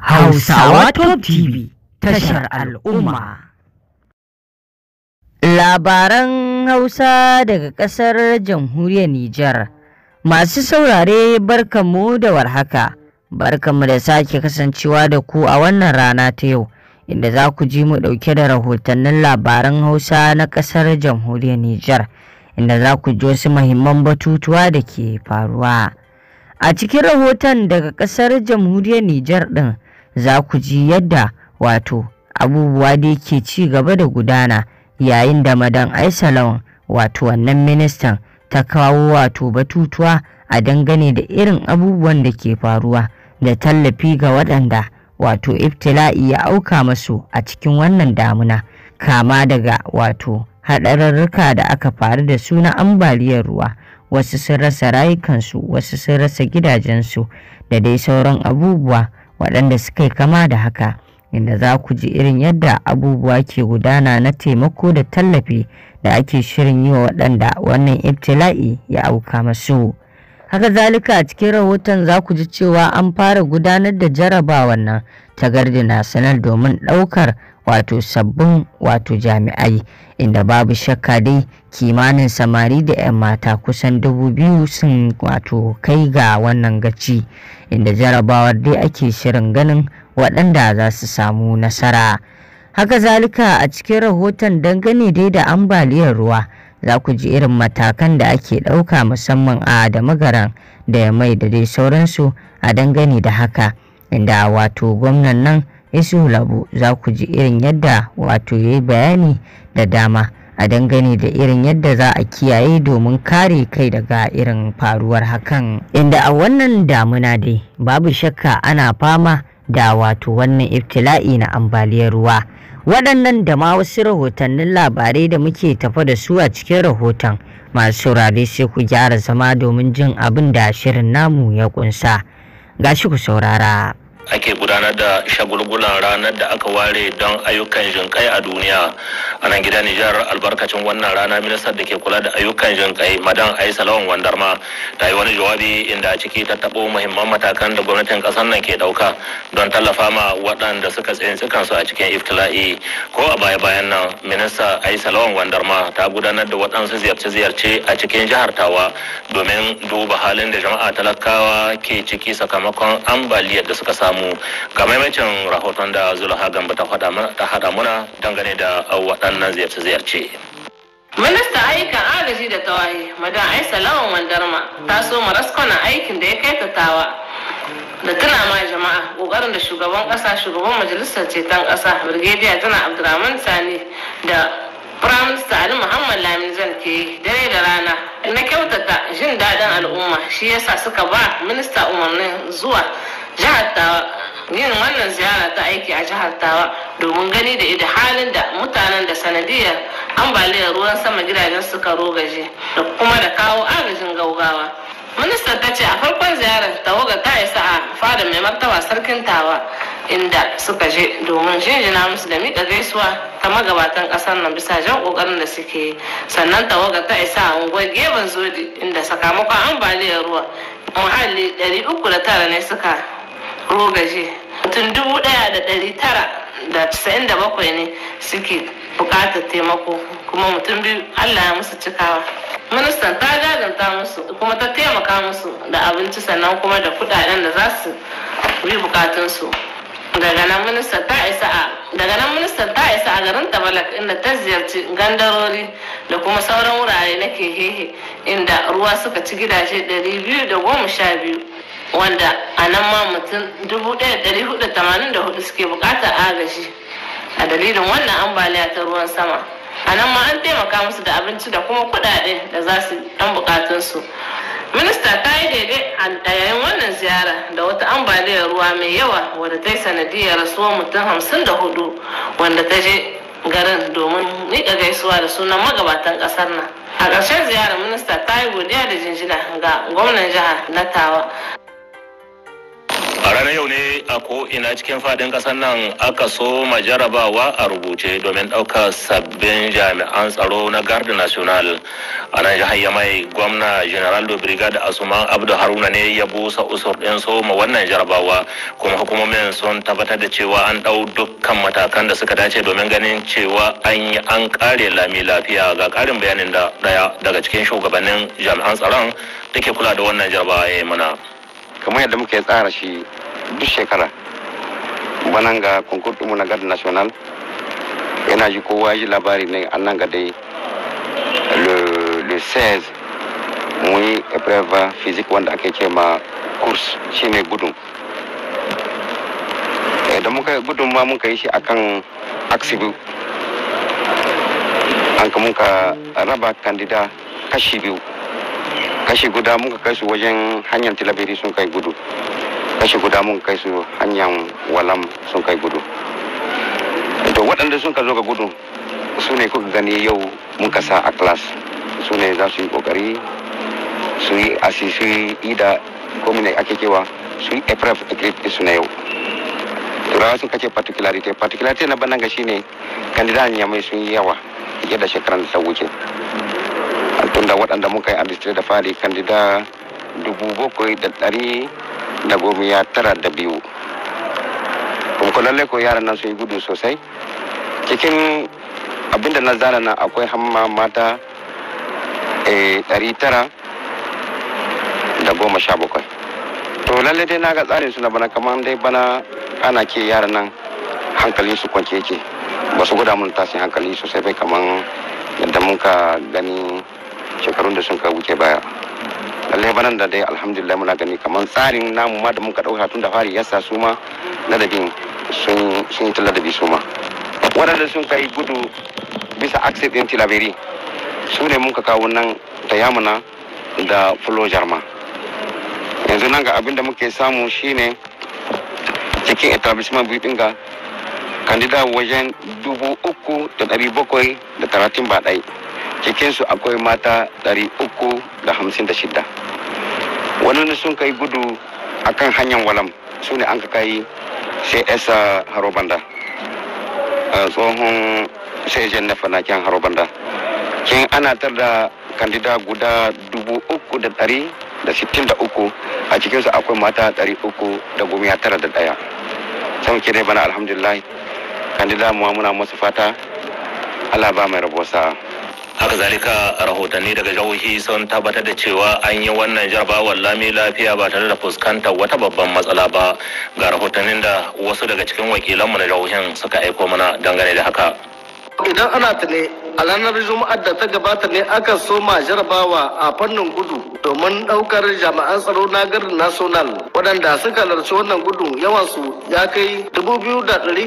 Hausawa Top TV tashar al'umma. Labaran Hausa daga ƙasar jamhuriyar Nijar. Masu saurare barkamu da warhaka, barkamu da sake kasancewa da ku a wannan rana ta yau, inda za ku ji mu ɗauke da rahotannin labaran Hausa na ƙasar jamhuriyar Nijar, inda za ku ji wasu mahimman batutuwa da ke faruwa. A cikin rahoton daga ƙasar jamhuriyar Nijar ɗin. za ku ji yadda wato abubuwa da ke ci gaba da gudana yayin da madan aisalon wato wannan ministan ta kawo wato batutuwa a dangane da irin abubuwan da ke faruwa da tallafi ga waɗanda wato iftila'i ya auka masu a cikin wannan damuna kama daga wato haɗararruka da aka faru da su na ambaliyar ruwa wasu sun rasa rayukansu wasu sun rasa gidajensu da dai sauran abubuwa waɗanda suka yi kama da haka inda za ku ji irin yadda abubuwa ke gudana na taimako da tallafi da ake shirin yi wa waɗanda wannan ibtila'i ya auka masu haka zalika a cikin rahoton za ku ji cewa an fara gudanar da jarabawan nan ta gardina sanar domin ɗaukar wato sabbin wato jami'ai inda babu shakka dai kimanin samari da 'yan mata kusan dubu biyu sun wato kai ga wannan gaci inda jarabawar dai ake shirin ganin waɗanda za su samu nasara haka zalika a cikin rahoton dangane dai da ambaliyar ruwa za ku ji irin matakan da ake ɗauka musamman a da magaran da ya mai da dai sauransu a dangane da haka inda wato gwamnan nan Yusuf Labu za ku ji irin yadda wato ya yi bayani da dama a dangane da irin yadda za a kiyaye domin kare kai daga irin faruwar hakan inda a wannan damuna dai babu shakka ana fama da wato wannan iftila'i na ambaliyar ruwa waɗannan da ma wasu rahotannin labarai da muke tafa da su a cikin rahoton masu saurare sai ku gyara zama domin jin abin da shirin namu ya kunsa gashi ku saurara ake gudanar da shagulgulan ranar da aka ware don ayyukan jinkai a duniya a nan gidan nijar albarkacin wannan rana ministar da ke kula da ayyukan jinkai madan aisa lawan wandarma ta yi wani jawabi inda a ciki ta taɓo muhimman matakan da gwamnatin ƙasar nan ke ɗauka don tallafa ma waɗanda suka tsinci kansu a cikin iftila'i ko a baya bayan nan minista aisa lawan wandarma ta gudanar da waɗansu ziyarce-ziyarce a cikin jihar tawa domin duba halin da jama'a talakawa ke ciki sakamakon ambaliyar da suka samu samu ga maimacin rahoton da zulha gamba ta hada muna dangane da uh, waɗannan ziyarce-ziyarce Minista ayyukan agaji da tawaye, madan ai Lawan Wandarma, ta so maraskwana aikin da ya kai ta tawa da tana ma jama'a kokarin da shugaban kasa shugaban majalisar ceton Ƙasa birgediya tana abdulrahman sani da Firaminista ali muhammad lamin zan ke yi dare da rana na kyautata jin daɗin al'umma shi yasa suka ba minista umarnin zuwa jihar tawa yin wannan ziyara ta aiki a jihar tawa domin gani da ida halin da mutanen da sanadiyar ambaliyar ruwan sama gidajen suka rogaje da kuma da kawo agajin gaugawa ministan ta ce a farkon ziyarar tawaga ta isa a fada mai martaba sarkin tawa inda suka je domin jinjina musu da miƙa gaisuwa ta magabatan ƙasar nan bisa jan ƙoƙarin da suke yi sannan tawaga ta isa a unguwar gefen zodi inda sakamakon ambaliyar ruwa muhalli 309 ne suka rogaje mutum dubu ɗaya da ɗari tara da tsayin da bakwai ne suke buƙatar taimako kuma mutum biyu allah ya musu cikawa ministan ta jajanta musu kuma ta taimaka musu da abinci sannan kuma da kudaden da za su bi bukatunsu daga nan ministan ta isa a garin tabalak inda ta ziyarci gandarori da kuma sauran wurare na hehe inda ruwa suka ci gidaje 212 wanda a nan ma mutum 1484 suke bukatar agaji a dalilin wannan ambaliya ta ruwan sama a nan ma an taimaka musu da abinci da kuma kuɗaɗe da za su dan bukatunsu minista ta yi daidai a yayin wannan ziyara da wata ambaliyar ruwa mai yawa wadda ta yi sanadiyar rasuwar mutum hamsin da hudu wanda ta je garin domin nika gaisuwa da sunan magabatan ƙasar nan a ƙarshen ziyarar minista ta yi godiya da jinjina ga gwamnan jihar na tawa a ranar yau ne a ina cikin fadin kasar nan aka so jarabawa a rubuce domin ɗaukar sabbin jami'an tsaro na garda national a nan jihar mai gwamna general do brigade asuman abdu haruna ne ya busa usur ɗin soma wannan jarabawa kuma hukumomin sun tabbatar da cewa an ɗau dukkan matakan da suka dace domin ganin cewa an yi an kare lami lafiya ga ƙarin bayanin da ɗaya daga cikin shugabannin jami'an tsaron da ke kula da wannan jarabawa ya yi mana. kamar yadda muke tsara shi duk shekara banan ga konkur ɗinmu na gadi national yana ji kowa ji labari ne an nan ga dai le 16 mun yi epreva physique wanda ake ce ma course shine gudun eh, da muka gudun ma muka yi shi akan aksibu an ka muka raba kandida kashi biyu kashi guda muka kai su wajen hanyar tilabiri sun kai gudu kashi guda mun kai su hanyar walam sun kai gudu to waɗanda sun ka zo ga gudu su ne kuka gani yau mun ka sa a class su ne za su yi kokari su yi asisi ida e komine ake kewa su yi epref ekrip su na yau turawa sun kace particularity particularity na banan ga shine kandidat ya mai sun yi yawa yadda shekaran da ta wuce tunda waɗanda muka yi alistre da fari kandida dubu bakwai da ɗari da goma ya tara da biyu kuma ko lallai ko yaran nan sun yi gudu sosai cikin abinda na zana na akwai hamma mata eh, ɗari tara da goma sha bakwai to lallai dai na ga tsarin su na bana kamar dai bana ana ke yaran nan hankalin su kwanke yake ba su guda mun tashin hankali sosai bai kamar yadda muka gani shekarun da sun kawo wuce baya lallai banan da dai alhamdulillah muna gani kamar tsarin namu ma da muka ɗauka tun da fari yasa su ma ladabin sun yi ta ladabi su ma waɗanda sun kai gudu bisa aksid ɗin tilaberi su ne muka kawo nan da yamuna da fulo jarma yanzu nan ga abin da muke samu shine cikin etablissement biyu ɗin ga kandida wajen dubu uku da ɗari bakwai da talatin ba cikinsu akwai mata 356 wani sun kai gudu akan hanyar walam su ne an ka kai sai esa harobanda tsohon sai jan na fanakin harobanda kin ana tar da kandida guda dubu uku da dari da sittin da uku a cikinsu akwai mata dari uku da goma tara da daya sun kire bana alhamdulillah kandida muwa muna masu fata ala ba mai rabosa haka zalika rahotanni daga jihohi sun tabbatar da cewa an yi wannan jarabawar lami lafiya ba tare da fuskantar wata babban matsala ba ga rahotannin da wasu daga cikin wakilanmu na jihohin suka aiko mana dangane da haka idan ana tuni a ranar juma'ar da ta gabata ne aka soma jarabawa a fannin gudu domin daukar jami'an tsaro na garin national wadanda suka larci wannan gudu yawansu ya kai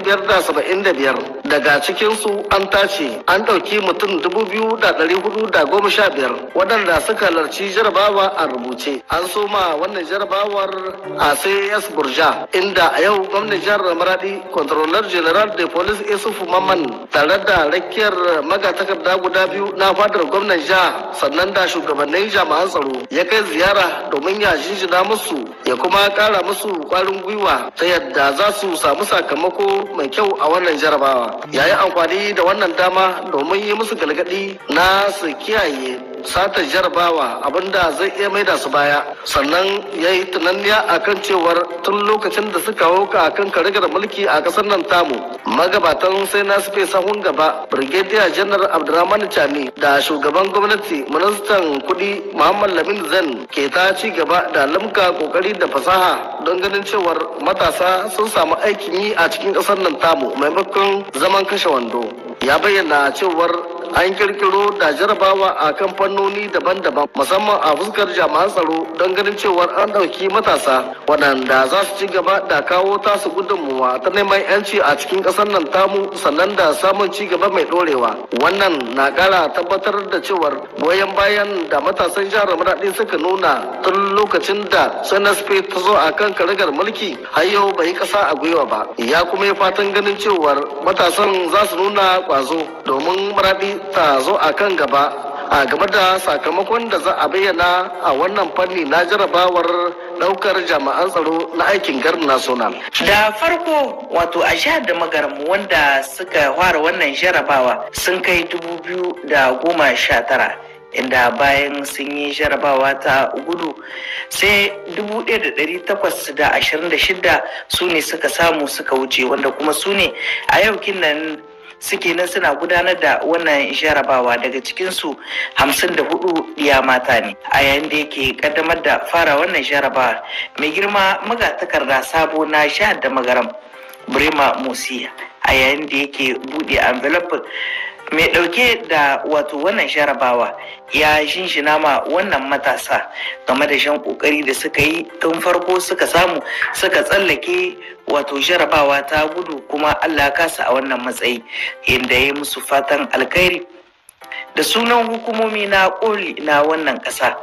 biyar. daga cikinsu an tace an ɗauki mutum dubu biyu da ɗari hudu da goma sha biyar waɗanda suka larci jarabawa a rubuce an soma wannan jarabawar a cs burja inda a yau gwamnan jihar maradi controller general de police isufu maman tare da rakiyar magatakarda guda biyu na fadar gwamnan jiha sannan da shugabannin jami'an tsaro ya kai ziyara domin ya jinjina musu ya kuma kara musu kwarin gwiwa ta yadda za su samu sakamako mai kyau a wannan jarabawa ya yi amfani da wannan dama domin yi musu galgadi na su kiyaye sata jarabawa abinda zai iya maida su baya sannan ya yi tunaniya kan cewar tun lokacin da suka hauka kan karigar mulki a ƙasar nan tamu magabatan sai na sufe sahun gaba brigadier Janar abdurrahman Chami da shugaban gwamnati ministan kudi muhammad lamin zan ke ta ci gaba da lamka kokari da fasaha don ganin cewar matasa sun samu aikin yi a cikin ƙasar nan tamu maimakon zaman kashe wando ya bayyana cewar an kirkiro da jarabawa a kan fannoni daban-daban musamman a fuskar jami'an tsaro don ganin cewar an ɗauki matasa waɗanda za su ci gaba da kawo tasu gudunmuwa ta neman yanci a cikin ƙasar nan tamu sannan da samun ci gaba mai ɗorewa wannan na ƙara tabbatar da cewar goyon bayan da matasan jihar maraɗin suka nuna tun lokacin da sanasfe ta zo a kan karagar mulki har yau bai ƙasa a gwiwa ba ya kuma yi fatan ganin cewar matasan za su nuna ƙwazo domin maraɗi ta zo a kan gaba a game da sakamakon da za a bayyana a wannan fanni na jarabawar daukar jami'an tsaro na aikin gar national. Da farko wato a jihar da magaramu wanda suka fara wannan jarabawa sun kai dubu biyu da goma sha tara. inda bayan sun yi jarabawa ta gudu sai dubu da da da ɗari takwas ashirin shida su ne suka samu suka wuce wanda kuma su ne a yau nan suke nan suna gudanar da wannan jarabawa daga cikinsu hamsin da hudu mata ne a yayin da yake kaddamar da fara wannan jarabawa mai girma magatakarda sabo na sha da magaram brema musiya a yayin da yake buɗe envelope mai ɗauke da wato wannan jarabawa ya shinshina ma wannan matasa game da shan ƙoƙari da suka yi tun farko suka samu suka tsallake wato jarabawa ta gudu kuma allah kasa a wannan matsayi inda ya musu fatan alkhairi da sunan hukumomi na ƙoli na wannan ƙasa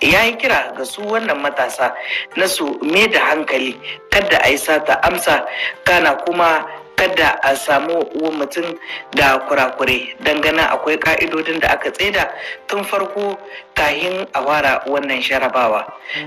ya yi kira ga su wannan matasa na su mai da hankali kada a yi sata amsa kana kuma kada a samu mutum da kurakure dangane akwai ka'idodin da aka tsaida tun farko kahin a wara wannan sharabawa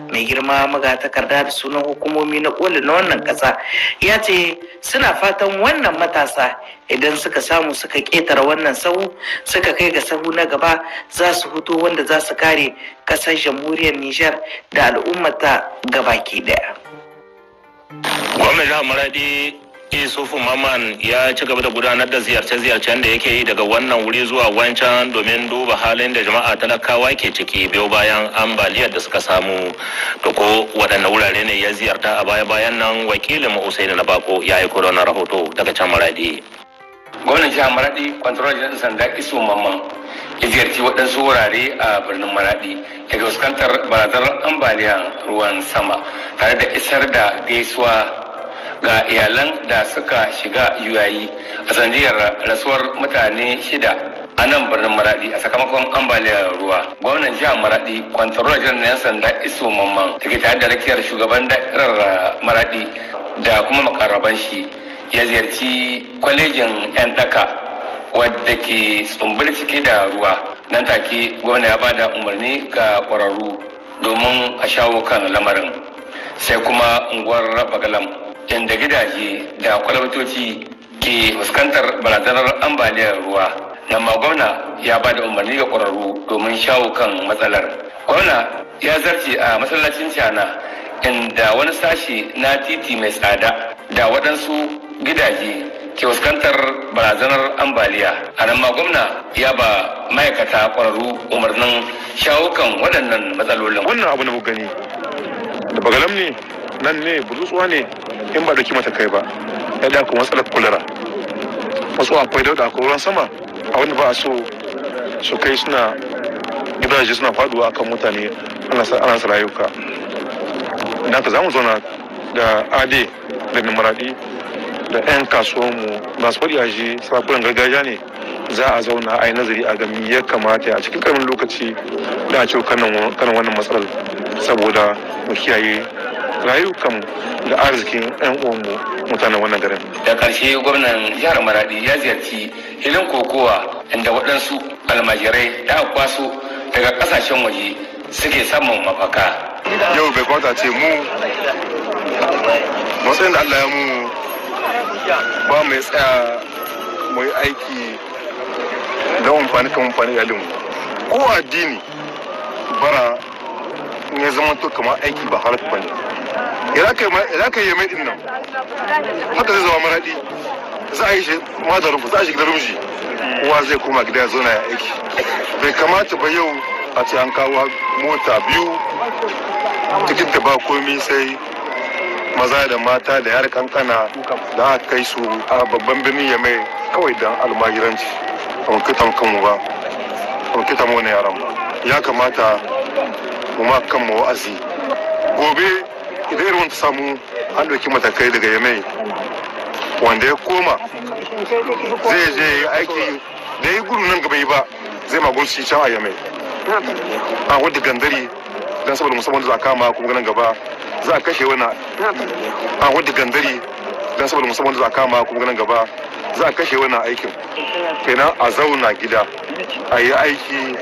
mai girma magatakarda da sunan hukumomi na koli na wannan ƙasa ya ce suna fatan wannan matasa idan suka samu suka ƙetare wannan sahu suka kai ga sahu na gaba za su hutu wanda za su kare kasar jamhuriyar nijar da al'ummata gabaki daya za mu raɗi. sufin Maman ya ci gaba da gudanar da ziyarce-ziyarcen da yake yi daga wannan wuri zuwa wancan domin duba halin da jama'a talakawa ke ciki biyo bayan ambaliyar da suka samu da ko waɗanne wurare ne ya ziyarta a baya-bayan nan wakilin Usaini na bako ya yi na rahoto daga can maradi. Gwamnan jihar Maradi, kwantarar jihar sanda Isu Maman ya ziyarci waɗansu wurare a birnin Maradi daga fuskantar barazanar ambaliyar ruwan sama tare da isar da gaisuwa ga iyalan da suka shiga yuyayi a sanadiyar rasuwar mutane shida a nan birnin maradi a sakamakon ambaliyar ruwa gwamnan jihar maradi kwantarola jiran na yan sanda iso mamman ke tare da rakiyar shugaban da'irar uh, maradi da kuma makaraban shi ya ziyarci kwalejin yan daka wadda ke tsumbar cike da ruwa nan take gwamna ya ba da umarni ga kwararru domin a shawo kan lamarin sai kuma unguwar rabagalam yadda gidaje da kwalbatoci ke fuskantar barazanar ambaliyar ruwa na magwamna gwamna ya ba da umarni ga ƙwararru domin shawo kan matsalar gwamna ya zarce a masallacin cana inda wani sashe na titi mai tsada da waɗansu gidaje ke fuskantar barazanar ambaliya a nan magwamna gwamna ya ba ma'aikata ƙwararru umarnin shawo kan waɗannan matsalolin wannan abu na gani da bagalam ne nan ne bulutsuwa ne in ba dauki kai ba ya da kuma matsalar kulara wasu akwai dauda akwai ruwan sama a wanda ba a so su kai suna gidaje suna faduwa akan mutane ana sa rayuka idan ka zamu zauna da ade da nimaradi da 'yan mu masu faɗi aji sarakunan gargajiya ne za a zauna a yi nazari a ga ya kamata a cikin karamin lokaci da a ce kanan wannan matsalar saboda mu kiyaye rayukanmu da arzikin 'yan uwanmu mutanen wannan garin. Da ƙarshe gwamnan jihar Maradi ya ziyarci hilin kokowa inda waɗansu almajirai da kwaso daga ƙasashen waje suke samun mafaka. Yau bai kwata ce mu matsayin da Allah ya mu ba mai tsaya mu yi aiki da amfani kan amfani yalinmu. Ko addini bara ne zama to kamar aiki ba harafi ba ne. za ka yi mai din nan haka zai zama maraɗi za a yi ma da madarin za a shi gidan rumshi kowa zai koma gida ya zauna ya aiki bai kamata ba yau a ce an kawo mota biyu tikin da ba komi sai maza da mata da yar kankana da aka kai su a babban birnin ya mai kawai don almagiranci a kitan kanmu ba a kitan wani yaran ya kamata mu ma kanmu wa'azi gobe idan ruwan ta samu an ɗauki matakai daga yamai wanda ya koma zai je aiki da ya yi gudu nan gaba yi ba zai magun shi can a yamai a wadda gandari don saboda musamman da za a kama kuma nan gaba za a kashe wani a wadda gandari don saboda musamman da za a kama kuma nan gaba za a kashe wani aikin kenan a zauna gida a yi aiki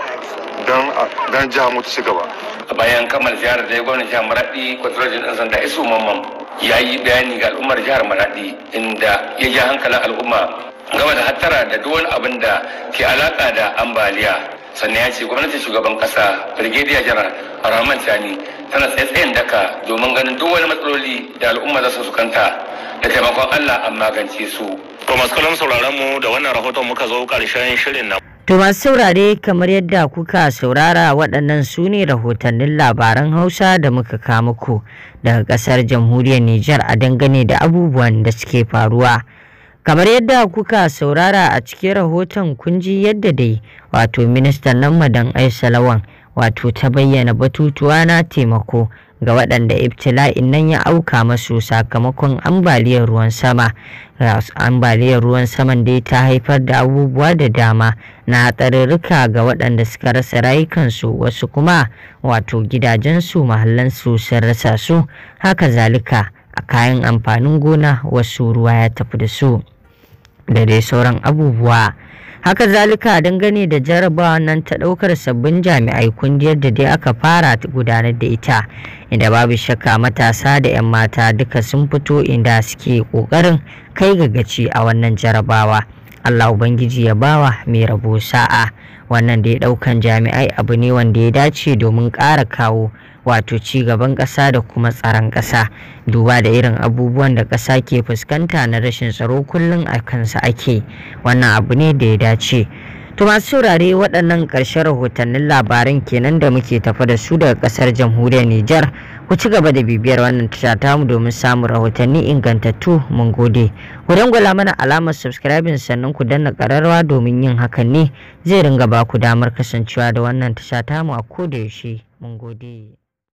don jiha mutu ci gaba. a bayan kamar ziyarar da ya gwamnan jihar maradi kwatarajin ɗan sanda isu mamman ya yi bayani ga al'ummar jihar maraɗi inda ya ja hankalin al'umma game da hattara da duk wani abin da ke alaƙa da ambaliya sannan ya ce gwamnatin shugaban ƙasa brigadier general rahman tani tana tsaye daka domin ganin duk wani matsaloli da al'umma za su sukanta da taimakon allah an magance su. to masu kallon sauraron mu da wannan rahoton muka zo karshen shirin na. To masu saurare kamar yadda kuka saurara waɗannan su ne rahotannin labaran Hausa da muka muku daga ƙasar jamhuriyar Nijar a dangane da abubuwan da suke faruwa. Kamar yadda kuka saurara a cikin rahoton kunji yadda dai wato ministan nan madan Aisha Lawan wato ta bayyana batutuwa na taimako ga waɗanda ibtila'in nan ya auka masu sakamakon ambaliyar ruwan sama ambaliyar ruwan saman dai ta haifar da abubuwa da dama na hatsarurruka ga waɗanda suka rasa rayukansu wasu kuma wato gidajensu mahallansu sun rasa su haka zalika a kayan amfanin gona wasu ruwa ya tafi da su da dai sauran abubuwa haka zalika dangane da jarabawa nan ta ɗaukar sabbin jami'ai kundiyar da dai aka fara gudanar da ita inda babu shakka matasa da 'yan mata duka sun fito inda suke ƙoƙarin kai gagaci a wannan jarabawa allah ubangiji ya bawa mai rabo sa'a wannan da ya ɗaukan jami'ai abu ne wanda ya dace domin ƙara kawo wato ci gaban ƙasa da kuma tsaron ƙasa duba da irin abubuwan da ƙasa ke fuskanta na rashin tsaro kullum a kansa ake wannan abu ne da ya dace To masu saurare waɗannan ƙarshen rahotannin labaran kenan da muke tafa da su daga ƙasar jamhuriyar Nijar. Ku ci gaba da bibiyar wannan tasha mu domin samun rahotanni ingantattu mun gode. Ku dangwala mana alamar subscribing sannan ku danna ƙararrawa domin yin hakan ne zai ringa ba ku damar kasancewa da wannan tasha tamu a koda yaushe mun gode.